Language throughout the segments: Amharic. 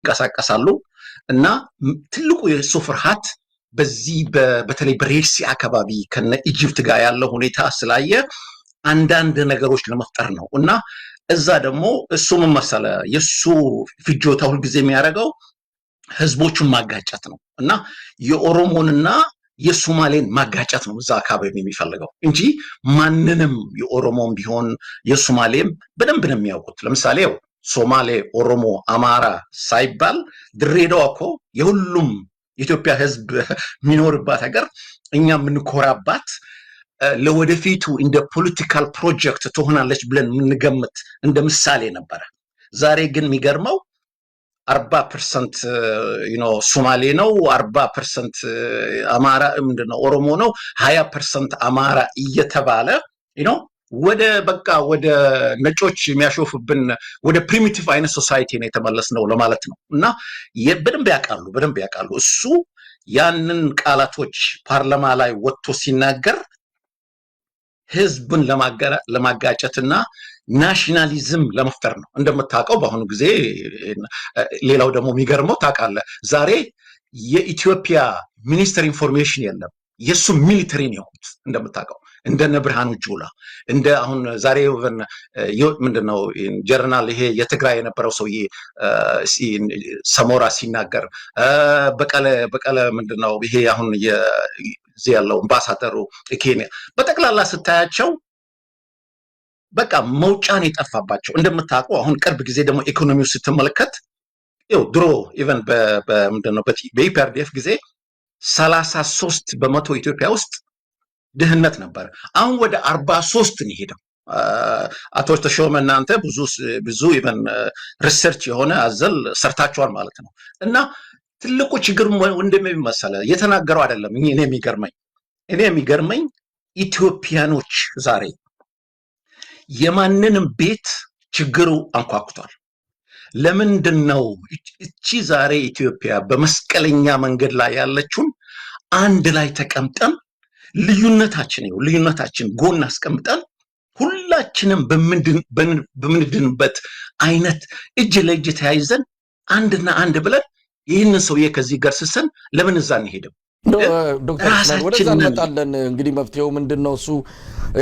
ይንቀሳቀሳሉ እና ትልቁ የእሱ ፍርሃት በዚህ በተለይ በሬድሲ አካባቢ ከነ ኢጅፕት ጋር ያለው ሁኔታ ስላየ አንዳንድ ነገሮች ለመፍጠር ነው እና እዛ ደግሞ እሱ ምን መሰለ የእሱ ፍጆታ ሁልጊዜ የሚያደርገው ህዝቦቹን ማጋጨት ነው እና የኦሮሞንና የሶማሌን ማጋጨት ነው እዛ አካባቢ የሚፈልገው እንጂ ማንንም የኦሮሞን ቢሆን የሶማሌም በደንብ ነው የሚያውቁት። ለምሳሌ ሶማሌ፣ ኦሮሞ፣ አማራ ሳይባል ድሬዳዋ እኮ የሁሉም የኢትዮጵያ ሕዝብ የሚኖርባት ሀገር እኛ የምንኮራባት ለወደፊቱ እንደ ፖለቲካል ፕሮጀክት ትሆናለች ብለን የምንገምት እንደ ምሳሌ ነበረ። ዛሬ ግን የሚገርመው አርባ ፐርሰንት ሶማሌ ነው፣ አርባ ፐርሰንት አማራ ምንድን ነው ኦሮሞ ነው፣ ሀያ ፐርሰንት አማራ እየተባለ ወደ በቃ ወደ ነጮች የሚያሾፍብን ወደ ፕሪሚቲቭ አይነት ሶሳይቲ ነው የተመለስ ነው ለማለት ነው። እና በደንብ ያውቃሉ፣ በደንብ ያውቃሉ። እሱ ያንን ቃላቶች ፓርላማ ላይ ወጥቶ ሲናገር ህዝብን እና ናሽናሊዝም ለመፍጠር ነው። እንደምታውቀው በአሁኑ ጊዜ ሌላው ደግሞ የሚገርመው ታውቃለህ፣ ዛሬ የኢትዮጵያ ሚኒስትር ኢንፎርሜሽን የለም የእሱ ሚሊተሪ ነው የሆኑት እንደምታውቀው እንደነ ብርሃኑ ጁላ እንደ አሁን ዛሬ ምንድን ምንድነው ጀርናል ይሄ የትግራይ የነበረው ሰውዬ ሰሞራ ሲናገር በቀለ በቀለ ይሄ አሁን ዚ ያለው አምባሳደሩ ኬንያ በጠቅላላ ስታያቸው በቃ መውጫን የጠፋባቸው እንደምታውቁ አሁን ቅርብ ጊዜ ደግሞ ኢኮኖሚው ስትመለከት ው ድሮ ኢቨን ነው በኢፒአርዲኤፍ ጊዜ ሰላሳ ሶስት በመቶ ኢትዮጵያ ውስጥ ድህነት ነበር። አሁን ወደ አርባ ሶስት ነው የሄደው። አቶ ተሾመ እናንተ ብዙ ብዙ ኢቨን ሪሰርች የሆነ አዘል ሰርታችኋል ማለት ነው። እና ትልቁ ችግር እንደሚመሰለ የተናገረው አይደለም። እኔ የሚገርመኝ እኔ የሚገርመኝ ኢትዮጵያኖች ዛሬ የማንንም ቤት ችግሩ አንኳኩቷል። ለምንድን ነው እቺ ዛሬ ኢትዮጵያ በመስቀለኛ መንገድ ላይ ያለችውን አንድ ላይ ተቀምጠን ልዩነታችን ይኸው ልዩነታችን ጎን አስቀምጠን ሁላችንም በምንድንበት አይነት እጅ ለእጅ ተያይዘን አንድና አንድ ብለን ይህንን ሰውዬ ከዚህ ገርስሰን ለምን እዛ አንሄድም? ዶክተር ወደዛ እንመጣለን። እንግዲህ መፍትሄው ምንድን ነው? እሱ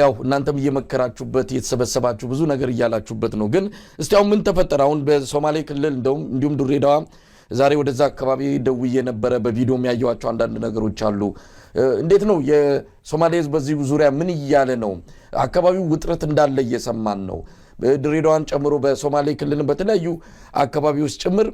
ያው እናንተም እየመከራችሁበት እየተሰበሰባችሁ ብዙ ነገር እያላችሁበት ነው። ግን እስቲ አሁን ምን ተፈጠረ? አሁን በሶማሌ ክልል እንደውም እንዲሁም ድሬዳዋ ዛሬ ወደዛ አካባቢ ደውዬ ነበረ። በቪዲዮ የሚያየዋቸው አንዳንድ ነገሮች አሉ። እንዴት ነው የሶማሌ ህዝብ በዚህ ዙሪያ ምን እያለ ነው? አካባቢው ውጥረት እንዳለ እየሰማን ነው። ድሬዳዋን ጨምሮ በሶማሌ ክልልን በተለያዩ አካባቢዎች ጭምር